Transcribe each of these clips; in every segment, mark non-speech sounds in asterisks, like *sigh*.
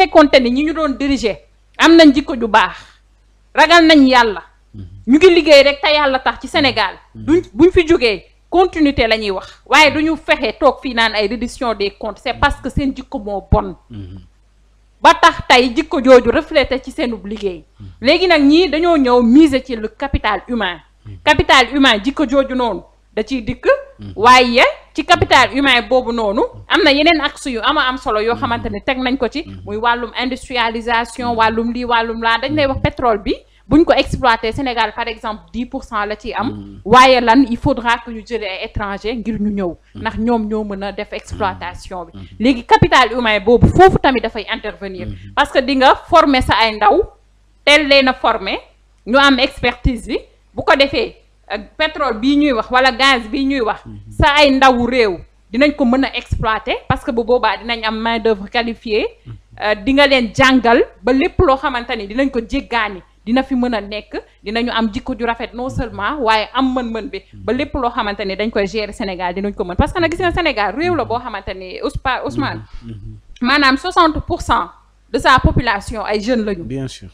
fekkoonte ni ñi ñu doon diriger am nañ jikko ju baax ragal nañ yàlla mhm. ñu ngi liggéey rek te yàlla tax ci Sénégal mhm. duñ buñ fi jógee continuité la ñuy wax waaye duñu fexe toog fii naan ay reddition des comptes c'est parce que seen jikko moo bon mhm. ba tax tey jikko jooju reflété ci seenub liggéey léegi nag ñii dañoo ñëw miser ci le capital humain capital humain jikko jooju noonu da ciy dikk waaye ci capital humain boobu noonu am na yeneen axe yu ama am solo yoo mm-hmm. xamante ne teg nañ ko ci mm-hmm. muy wàllum industrialisation wàllum lii wàllum laa dañ lay wax pétrole bi buñ ko exploité Sénégal par exemple dix pour cent la ciy am mm-hmm. waaye lan il faudra que ñu jëlee ay étranger ngir ñu ñëw ndax ñoom ñoo mën a def exploitation bi léegi capital humain boobu foofu tamit dafay intervenir parce que di nga former sa ay ndaw teel leen a former ñu am expertise bi bu ko defee pétrole bii ñuy wax wala gaz bii ñuy wax sa ay ndawu réew dinañ ko mën a exploiter parce que bu boobaa dinañ am main d'œuvre qualifiée euh, di nga leen jàngal ba lépp loo xamante ni dinañ ko jéggaani dina fi mën a nekk dinañu am jikko ju rafet non seulement waaye am mën-mën bi ba lépp loo xamante ni dañ koy gérer Sénégal dinañ ko mën parce que nag gis nga Sénégal réew la boo xamante ni Ouspa Ousmane maanaam 60 pour cent de sa population ay jeunes lañu. bien sûr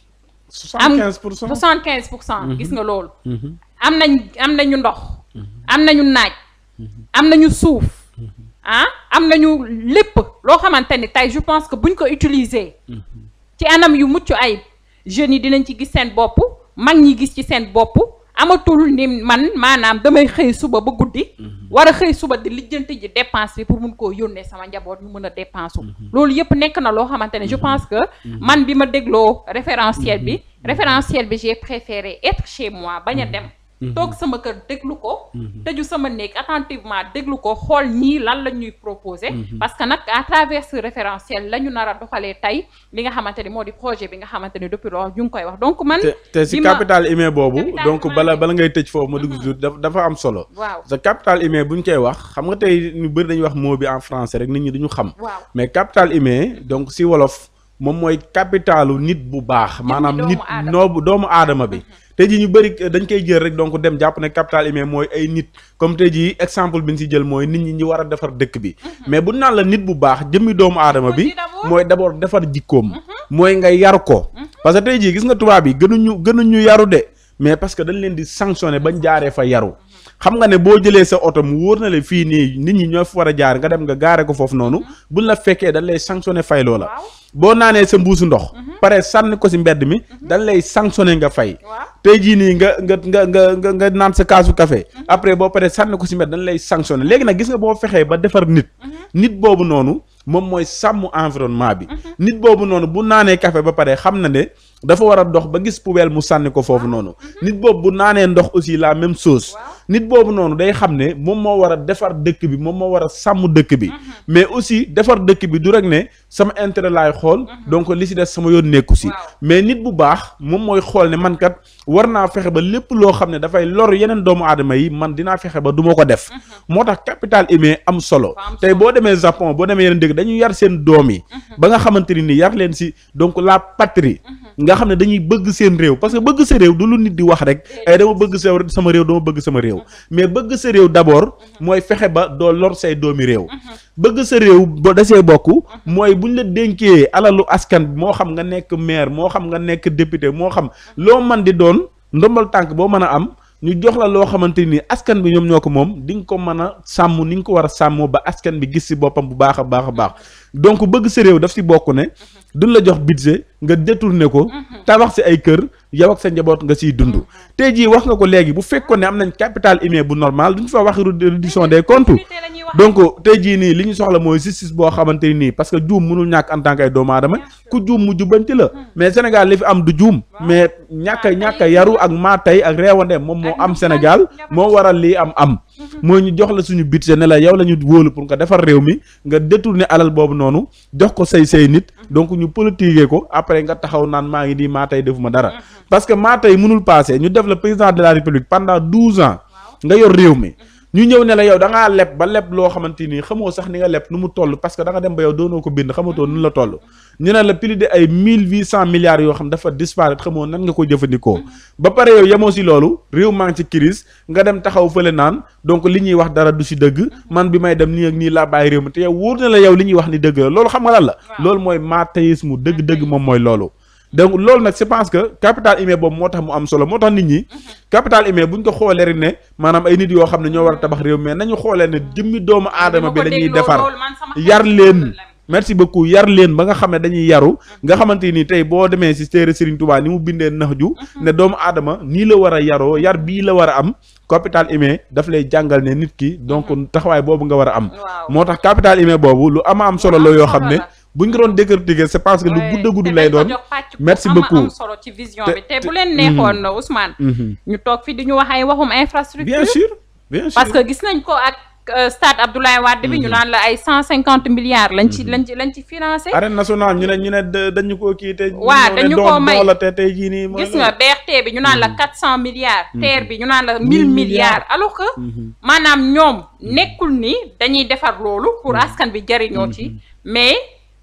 pour cent am 75 pour cent. Mhm. gis nga loolu. Mhm. am nañ am nañu ndox. Mhm. am nañu naaj. Mm-hmm. am nañu suuf mm-hmm. ah am nañu lépp loo xamante ni tey je pense que buñ ko utiliser mm-hmm. ci anam yu mucc ay jeunes yi dinañ ci gis seen bopp mag ñi gis ci seen bopp amatul ni man maanaam damay xëy suba ba guddi war a xëy suba di lijjanti ji dépense bi pour mun koo yónnee sama njaboot ñu mën a dépense wu loolu yëpp nekk na loo xamante ne je pense que man bi ma dégloo référentiel bi référentiel bi j'ai préféré être chez moi bañ a dem Mm-hmm. toog sama kër déglu ko. Mm-hmm. tëju sama néeg attentivement déglu ko xool ñii lan la ñuy proposé. Mm-hmm. parce que nag à travers ce référentiel la ñu nar a doxalee tey li nga xamante ni moo di projet bi nga xamante ni depuis loolu ñu ngi koy wax donc man. te si capital humain boobu donc bala bala ngay tëj foofu ma dugg dafa am solo. waaw sa capital humain bu ñu koy wax xam nga tey ñu bëri dañuy wax moo bi en français rek nit ñi duñu xam. mais capital humain donc si wolof. moom mooy capitalu nit bu baax maanaam nit noobu doomu aadama bi mm-hmm. tey jii ñu bëri dañ koy jël rek donc dem jàpp ne capital humain mooy ay nit comme tey jii exemple bi ñu si jël mooy nit ñi ñi war a defar dëkk bi mm-hmm. mais bu naan la nit bu baax jëmmi doomu aadama bi mooy d'abord defar jikkoom mm-hmm. mooy nga yaru ko parce que tey jii gis nga tubaab yi ñu gënuñu ñu yaru de mais parce que dañ leen di sanctionné bañ jaaree fa yaru xam nga ne boo jëlee sa oto mu wóor na la fii nii nit ñi ñoo fi war a jaar nga dem nga gaare ko foofu noonu buñ la fekkee dañ lay sanctionné fay loola boo naanee sa mbuusu ndox mhm. pare sànni ko si mbedd mi mhm. dañ lay sanctionné nga fay tey jii nii nga nga nga nga nga naan sa kaasu kafe mhm. après boo paree sànni ko si mbedd dañ lay sanctionné léegi nag gis nga boo fexee ba defar nit nit boobu noonu moom mooy sàmm environnement bi nit boobu noonu bu naanee café ba pare xam na ne dafa war a dox ba gis poubelle mu sànni ko foofu noonu nit boobu bu naanee ndox aussi la même chose nit boobu noonu day xam ne moom moo war a defar dëkk bi moom moo war a sàmm dëkk bi mhm. mais aussi defar dëkk bi du rek ne sama intérêt laay xool mhm. donc li si des sama yoon nekku si mais nit bu baax moom mooy xool ne man kat war naa fexe ba lépp loo xam ne dafay lor yeneen doomu aadama yi man dinaa fexe ba du ma ko def mhm. moo tax capital humain am solo tey boo demee Japon boo demee yeneen dëkk dañuy yar seen doom yi ba nga xamante ni yar leen si donc laa patrie nga xam ne dañuy bëgg seen réew parce que bëgg sa du lu nit di wax rek ay eh. eh, dama bëgg sa sama réew dama bëgg sama réew mais bëgg sa réew d'abord mooy fexe ba doo lor say doomi réew bëgg sa réew boo dasee bokk mooy buñ la denkee alalu askan bi moo xam nga nekk maire moo xam nga nekk député moo xam loo man di doon ndombal tànk boo mën a am ñu jox la loo xamante ni askan bi ñoom ñoo ko moom di nga ko mën a sàmm ni nga ko war a sàmm ba askan bi gis si boppam bu baax a baax a baax donc bëgg sa réew daf si bokk ne duñ la jox budget nga détourné ko mhm. tabax si ay kër yow ak sa njaboot nga siy dund mm-hmm. tey jii wax nga ko léegi bu fekkoon ne am nañ capital humain bu normal duñ fa wax réduction des comptes donc tey jii nii li ñu soxla mooy justice boo xamante nii parce que juum mënul ñàkk en tant que ay doomu aadama ku juum mu jubbanti la mm-hmm. mais Sénégal li fi am du juum mais ñàkk ñàkk yaru ak maa tey ak réewande moom moo am Sénégal moo waral lii am am mooy ñu jox la suñu budget ne la yow la ñu wóolu pour nga defar réew mi nga détourner alal boobu noonu jox ko say say nit donc ñu politiquer ko après nga taxaw naan maa ngi di maa tey defuma dara parce que maa tey mënul passé ñu def la président de la république pendant douze ans nga yor réew mi ñu ñëw ne la yow da ngaa leb ba leb loo xamante ni xamoo sax ni nga leb nu mu toll parce que da nga dem ba yow doonoo ko bind xamatoo nu la toll ñu ne la plus de ay mille huit cent milliards yoo xam dafa disparaître xamoo nan nga ko jëfandikoo ba pare yow yemoo si loolu réew maa ngi ci crise nga dem taxaw fële naan donc li ñuy wax dara du si dëgg man bi may dem nii ak nii la bàyyi réew mi te yow wóor na la yow li ñuy wax ni dëgg la loolu xam nga lan la loolu mooy mathéisme dëgg-dëgg moom mooy loolu donc loolu nag je pense que capital humain boobu moo tax mu am solo moo tax nit ñi mhm. capital humain bu ñu ko xoolee rek ne maanaam nit yoo xam ne ñoo war a tabax réew mais nañu xoolee ne jëmmi doomu aadama bi la ñuy defar yar leen merci beaucoup yar leen ba nga xam ne dañuy yaru nga xamante ni tey boo demee si téere Serigne Touba ni mu bindee nax ju mhm. ne doomu aadama nii la war a yaroo yar bii la war a am copital humain daf lay jàngal ne nit ki donc mhm. taxawaay boobu nga war a am moo tax capital humain boobu lu ama am solo la yoo xam ne bu ñu ko doon c'est parce que lu gudd gudd lay doon merci beaucoup solo ci vision bi te bu leen neexoon mhm. Ousmane ñu toog fi di ñu wax ay waxum infrastructure bien gis ko Euh, stade Abdoulaye Wade bi ñu mhm. naan la ay cent cinquante milliards lañ ci mhm. lañ ci lañ ci financé arène nationale ñu ne ñu ne dañu koo kii te waaw dañu koo may la te tey jii nii bi ñu naan la mhm. quatre cent milliards TER bi ñu naan la mille milliards alors que maanaam ñoom nekkul ni dañuy defar loolu pour askan bi jariñoo ci mais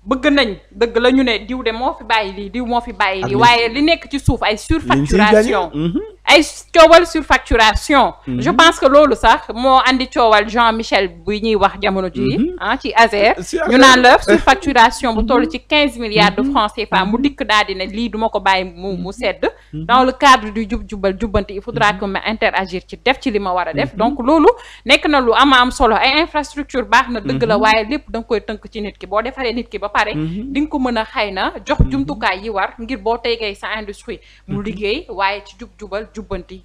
bëgg nañ dëgg la ñu ne diw de moo fi bàyyi lii diw moo fi bàyyi lii waaye li nekk ci suuf ay surfacturation ay coowal surfacturation mhm. je pense que loolu sax moo indi coowal Jean Michel bu ñuy wax jamono ji mhm. ah ci euh, Azer ñu naan la *laughs* surfacturation bu toll mhm. ci quinze milliards de francs CFA mu dikk daal di ne lii duma ko bàyyi mu mu sedd dans le cadre di jub jubal jubbanti il faudra que ma interagir ci def ci li ma war a def donc loolu nekk na lu ama am solo ay infrastructure baax na dëgg la waaye lépp da koy tënk ci nit ki boo defaree nit ki ba pare di nga ko mën a xëy na jox jumtukaay yi war ngir boo tegee sa industrie mu liggéey waaye ci jub jubal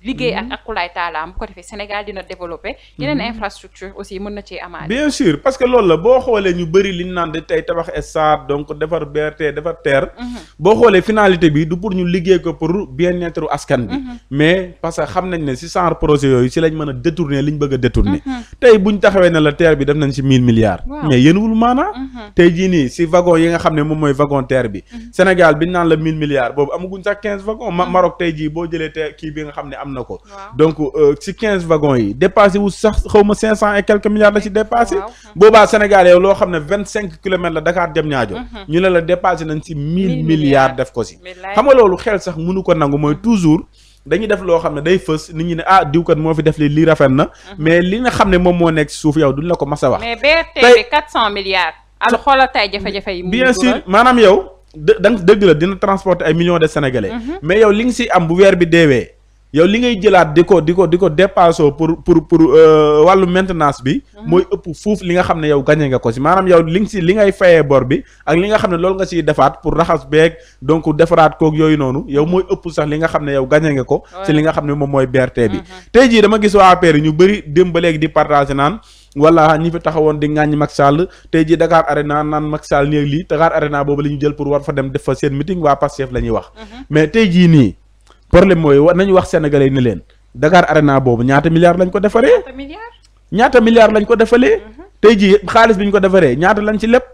liggéey ak mhm. akulaay taalaam bu ko defee Sénégal dina développé mhm. yeneen infrastructure aussi mën na cee amaat bien sûr parce que la boo xoolee ñu bëri liñ naan da tey tabax stade donc defar BRT defar TER mhm. boo xoolee finalité bi du pour ñu liggéey ko pour bien-être askan bi mais parce xam nañ ne si genre projet yooyu si lañ mën a détourner liñ bëgg a tey buñ taxawee ne la TER bi def nañ si mille milliards mais yéen wul maanaa tey jii bi nga xam ne am na ko. donc euh, ci quinze wagons yi dépassé wu sax xaw ma cinq cent et quelques milliards la ci dépassé. boobaa Sénégal yow loo xam ne vingt cinq kilomètres la Dakar dem ñaajo mhm. ñu ne la dépassé nañ ci mille def ko si. xam loolu xel sax mënu ko nangu mooy toujours. dañuy def loo xam ne day fës nit ñi ne ah diwkat moo fi def li lii rafet na. Mhm. mais li nga xam ne moom moo nekk suuf yow du la ko mas a wax. mais BRT bi 400 milliards. al xoolal tay jafe-jafe yi. bien sûr maanaam yow. dë dëgg la dina transporter ay millions de sénégalais. Mhm. yow li ngay jëlaat di ko di ko di ko dépassé pour pour pour euh, wàllu maintenance bi. Mhm. mooy ëpp fuuf li nga xam ne yow gagné nga ko si maanaam yow li nga si li ngay faye bor bi ak li nga xam ne loolu nga siy defaat pour raxas beeg donc defaraat koog yooyu noonu yow mooy ëpp sax li nga xam ne yow gañee nga ko. si li nga xam ne moom mooy BRT bi. Mhm. tey jii dama gis waa APR ñu bëri démb ba di partagé naan. wala ñi fi taxawoon di ŋàññi mag Sall tey jii Dakar Arena naan Macky Sall nii lii Dakar Arena boobu la ñu jël pour war fa dem def fa seen meeting waa la ñuy wax. Mhm. problème mooy war nañu wax sénégalais ni leen Dakar Arena boobu ñaata milliards lañ ko defaree. ñaata milliards. ñaata milliards lañ ko defalee. Mhm. tey jii xaalis bi ñu ko defaree ñaata lañ ci lépp.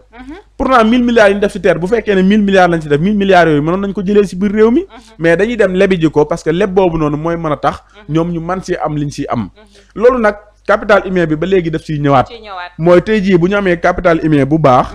pourtant 1000 milliards yi ñu def ci terre bu fekkee ne 1000 milliards lañ ci def 1000 milliards yooyu mënoon nañ ko jëlee ci biir réew mi. Mhm. mais dañuy dem lebi ji ko parce boobu noonu mooy mën a tax. Mhm. ñoom ñu man ci am liñ ci am. loolu nag capital humain bi ba léegi daf ciy ñëwaat. mooy tey jii bu ñu amee capital humain bu baax.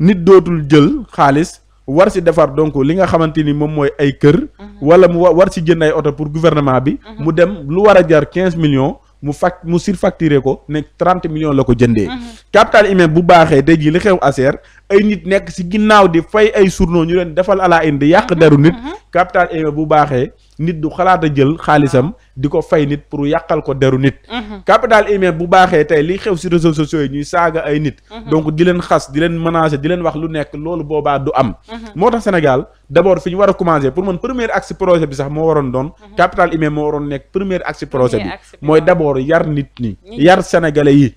nit dootul jël xaalis. war si defar donc li nga xamante ni moom mooy ay kër. Mhm. wala mu war si jënd ay oto pour gouvernement bi. Mhm. mu dem lu war a jar quinze millions. mu fac mu surfacturé ko ne trente millions la ko jëndee. Mhm. capital humain bu baaxee tey jii li xew ASER ay nit nekk si ginnaaw di fay ay journaux ñu leen defal ala indi yàq deru nit mm-hmm. capital humain e bu baaxee nit du xalaat a jël xaalisam ah. di ko fay nit pour yàqal ko deru nit mm-hmm. capital humain e bu baaxee tey li xew si réseaux sociaux yi ñuy saaga ay nit mm-hmm. donc di leen xas di leen menacer di leen wax lu nekk loolu boobaa du am moo tax Sénégal d'abord fi ñu war a commencer pour man premier axe projet bi sax moo waroon doon capital humain e moo waroon nekk premier axe projet bi mooy d'abord yar nit ñi yar sénégalais yi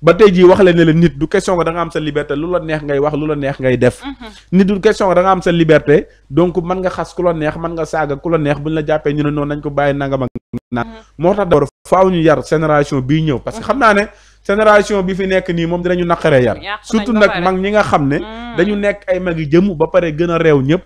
ba tey jii wax leen ne la nit du question nga da am sa liberté lu la neex ngay wax lu la neex ngay def. Mhm. nit du question nga da am sa liberté donc mën nga xas ku la neex mën nga saaga ku la neex buñ la jàppee ñu ne noonu nañ ko bàyyi nangam ak naan. Mhm. moo tax d' abord faaw ñu yar génération bii ñëw parce que xam naa ne. sénération bi fi nekk nii moom dinañu naqaree yar surtout nag mag ñi nga xam ne hmm. dañu nekk ay mag yu jëm ba pare gën a réew ñëpp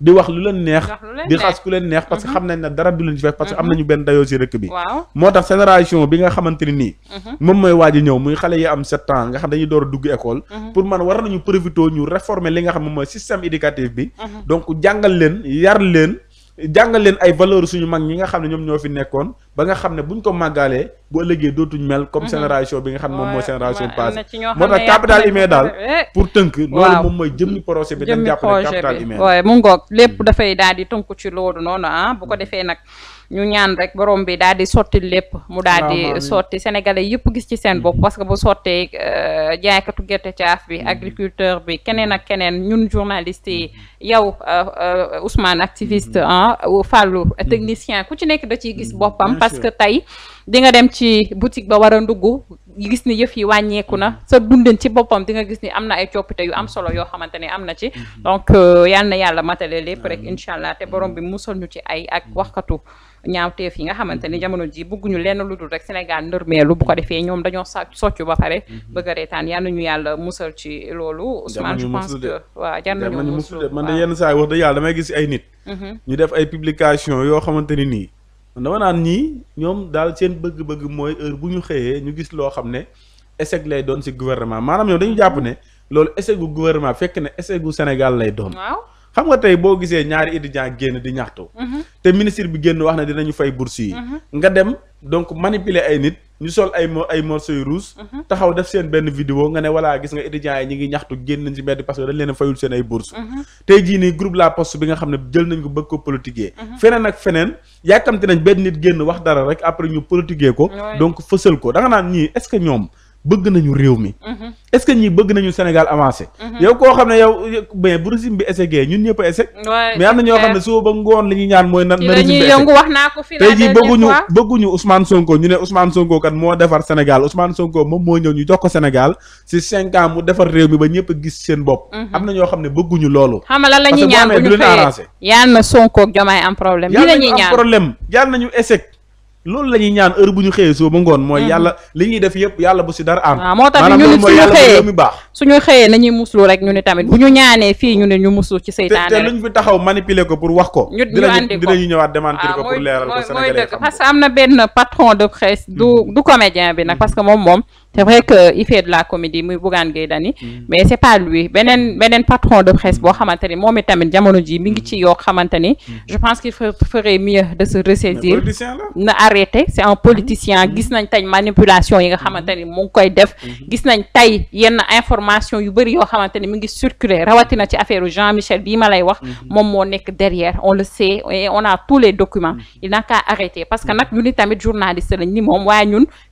di wax lu leen neex di xas ku leen neex parce que xam nañ ne dara du leen fekk parce que am hmm. nañu benn dayoo si rëkk bi moo tax génération bi nga xamante ni nii hmm. moom mooy waaji ñëw muy xale yi am sept ans nga xam dañuy door a dugg école pour man war nañu profité ñu réformer li nga xam ne mooy système éducatif bi donc jàngal leen yar leen jàngal leen ay valeur suñu mag ñi nga xam ne ñoom ñoo fi nekkoon ba nga xam ne buñ ko màggaalee bu ëllëgee dootuñ mel comme mhm. génération bi nga xam ne moom mooy génération passée moo tax capital humain daal eh, pour tënk loolu moom mooy jëmmi projet bi dañ jàpp ne capital humain mu ngoog lépp hmm. dafay daal di tënk ci loolu noonu ah bu ko hmm. defee nag ñu ñaan rek borom bi daal di sotti lépp mu daal sotti sénégalais yëpp gis ci seen bopp parce que bu sottee euh, jaaykatu gerte caaf bi mm. agriculteur bi keneen ak keneen ñun journaliste yi mm. yow euh, euh, Ousmane activiste ah Fallou technicien ku ci nekk da ciy gis boppam parce que tey di nga dem ci boutique ba war a ndugg gis ni yëf yi wàññeeku na sa dundin ci boppam di nga gis ni am na ay coppite yu am solo yoo xamante ne am na ci mm-hmm. donc yal na yàlla matale lépp rek incha allah te borom bi musal ñu ci ay ak waxkatu ñaawteef yi nga xamante ni mhm. jamono ji bëgguñu lenn lu dul rek Sénégal ndërmeelu bu ko defee ñoom dañoo sa soccu ba pare mhm. bëgg a reetaan yal nañu yàlla musal ci loolu Ousmane je pense que waaw jar nañu musal man de yenn saa yi wax dëgg damay gis ay nit mhm. ñu def ay publication yoo xamante ni nii man dama naan ñii ñoom daal seen bëgg-bëgg mooy heure bu ñu xëyee ñu gis loo xam ne échec lay doon si gouvernement maanaam ñoom dañu jàpp ne loolu échec bu gouvernement fekk ne échec bu Sénégal lay doon waaw xam nga tey boo gisee ñaari étudiant génn di ñaxtu. Mhm. te ministre bi génn wax na dinañu fay bourse yi. Mhm. nga dem donc manipuler ay nit ñu sol ay ay morceaux yu rouge. Mhm. taxaw def seen benn vidéo nga ne voilà gis nga étudiants yi ngi ñaxtu génn nañ ci mbedd parce que dañ leen fayul seen ay bourse tey jii nii groupe La Poste bi nga xam ne jël nañ ko bëgg ko politiquer. feneen ak feneen yàkkamti nañ benn nit génn wax dara rek après ñu politiquer ko. donc fësal ko da nga naan ce que ñoom. bëgg nañu réew mi. Mhm. est ce bëgg nañu Sénégal avancé. Mhm. yow koo xam ne yow bu régime bi essayé ñun ñëpp a mais am na ñoo xam ne suba ba ngoon li ñaan mooy. na na régime bi yëngu wax naa ko fi tey jii bëgguñu ñu ne Ousmane Sonko kat moo defar Sénégal jox ko Sénégal si cinq ans mu defar réew mi ba ñëpp a gis seen bopp. Mhm. am na ñoo xam ne bëgguñu loolu. xam nga ñaan bu ñu fayee yal na Sonko loolu la ñuy ñaan heure bu ñu xëyee soo ba ngoon mooy mm-hmm. yàlla li ñuy def yëpp yàlla bu si dara am ah, moo tax ñu nit suñu xëyee mi baax suñu xëyee nañuy muslu rek ñu ni tamit bu ñu ñaanee fii ñu ne ñu muslu ci seytaane te luñ fi taxaw manipuler ko pour wax ko dinañu dinañu ñëwaat démentir ah, ko pour leeral ko Sénégalais parce que am na benn patron de presse du mm-hmm. du comédien bi nag parce que moom moom c'est vrai que il fait de la comédie muy Bougane Gueye Dany mm. mais c'est pas lui beneen mm. beneen patron de presse boo mm. xamante ni moom itamit jamono jii mi ngi ci yoo xamante ni je pense qu'il ferait na arrêter c'est un politicien gis nañ tey manipulation yi nga xamante ni mu ngi koy def gis nañ tey yenn information yu bëri yoo xamante ni mi ngi circuler rawatina ci affaire Jean-Michel bii ma lay wax mm-hmm. moom moo nekk derrière on le sait et on a tous les documents mm-hmm. il n'a qu'à arrêter parce que mm-hmm. nag ñun itamit journaliste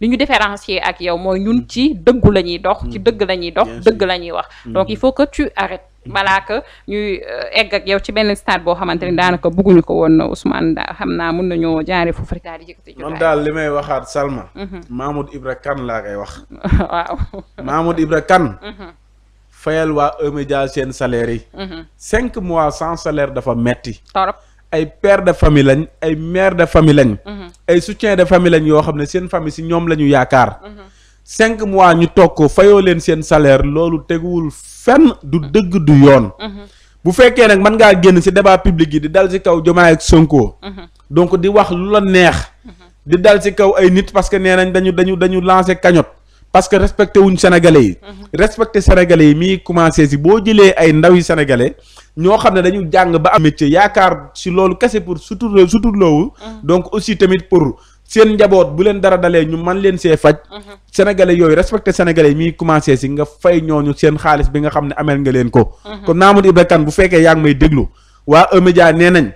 ñu différencier ak yow mooy ñun ci dëggu la ñuy dox ci mm. dëgg la ñuy dox dëgg la ñuy wax mm. donc il faut que tu arrêtes balaa que ñuy euh, egg ak yow ci benn stade boo xamante ni daanaka bëgguñu ko woon na Ousmane daa xam naa mun nañoo jaare foofu rek daal di yëkkati man may waxaat Salma mm-hmm. Mahmoud Ibra Kane laa koy wax *laughs* waaw Mahmoud Ibra Kane mm-hmm. fayal waa E-Media seen salaire yi mm-hmm. cinq mois sans salaire dafa metti torop ay père de famille lañ ay mère de famille lañ ay soutien de famille lañ yoo xam ne seen famille si ñoom la yaakaar cinq mois ñu toog ko fayoo leen seen salaire loolu teguwul fenn du dëgg du yoon. bu fekkee nag mën ngaa génn ci débat public yi di dal ci kaw Diomaye ak Sonko. donc di wax lu la neex. di dal ci kaw ay nit parce que nee nañ dañu dañu dañu lancer cagnotte. parce que respecté wuñ sénégalais yi. respecté sénégalais yi mii commencé si boo jëlee ay ndaw yi ñoo xam ne dañu jàng ba am métier yaakaar si loolu kese pour sutur suturloowu. Mm. donc aussi tamit pour seen njaboot bu leen dara dalee ñu man leen see faj. Mhm. sénégalais yooyu respecté sénégalais yi muy commencé si nga fay ñooñu seen xaalis bi nga xam ne ameel nga leen ko. Mhm. naa Mamadou Ibra Kane bu fekkee yaa ngi may déglu waa e nee nañ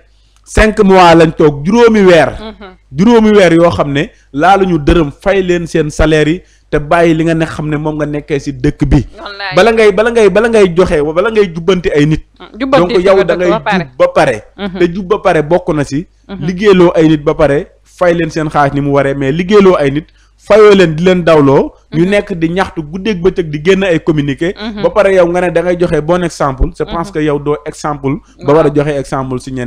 cinq mois lañ toog juróomi weer. Mhm. juróomi weer yoo xam ne laalu ñu dërëm fay leen seen salaire yi te bàyyi li nga ne xam ne moom nga nekkee si dëkk bi. bala ngay bala ngay bala ngay joxe bala ngay jubbanti ay nit. Mm, donc yow da ngay jub ba pare. te jub ba pare bokk na si. liggéeyloo ay nit ba pare. fay leen seen xaalis ni mu waree mais liggéeyloo ay nit fayoo leen di leen dawloo. ñu mhm. nekk di ñaxtu guddeeg bëccëg di génn ay communiqué. Mhm. ba pare yow nga ne da ngay joxe bon exemple. je pense mhm. que yow doo exemple. ba war a joxe exemple si ñenn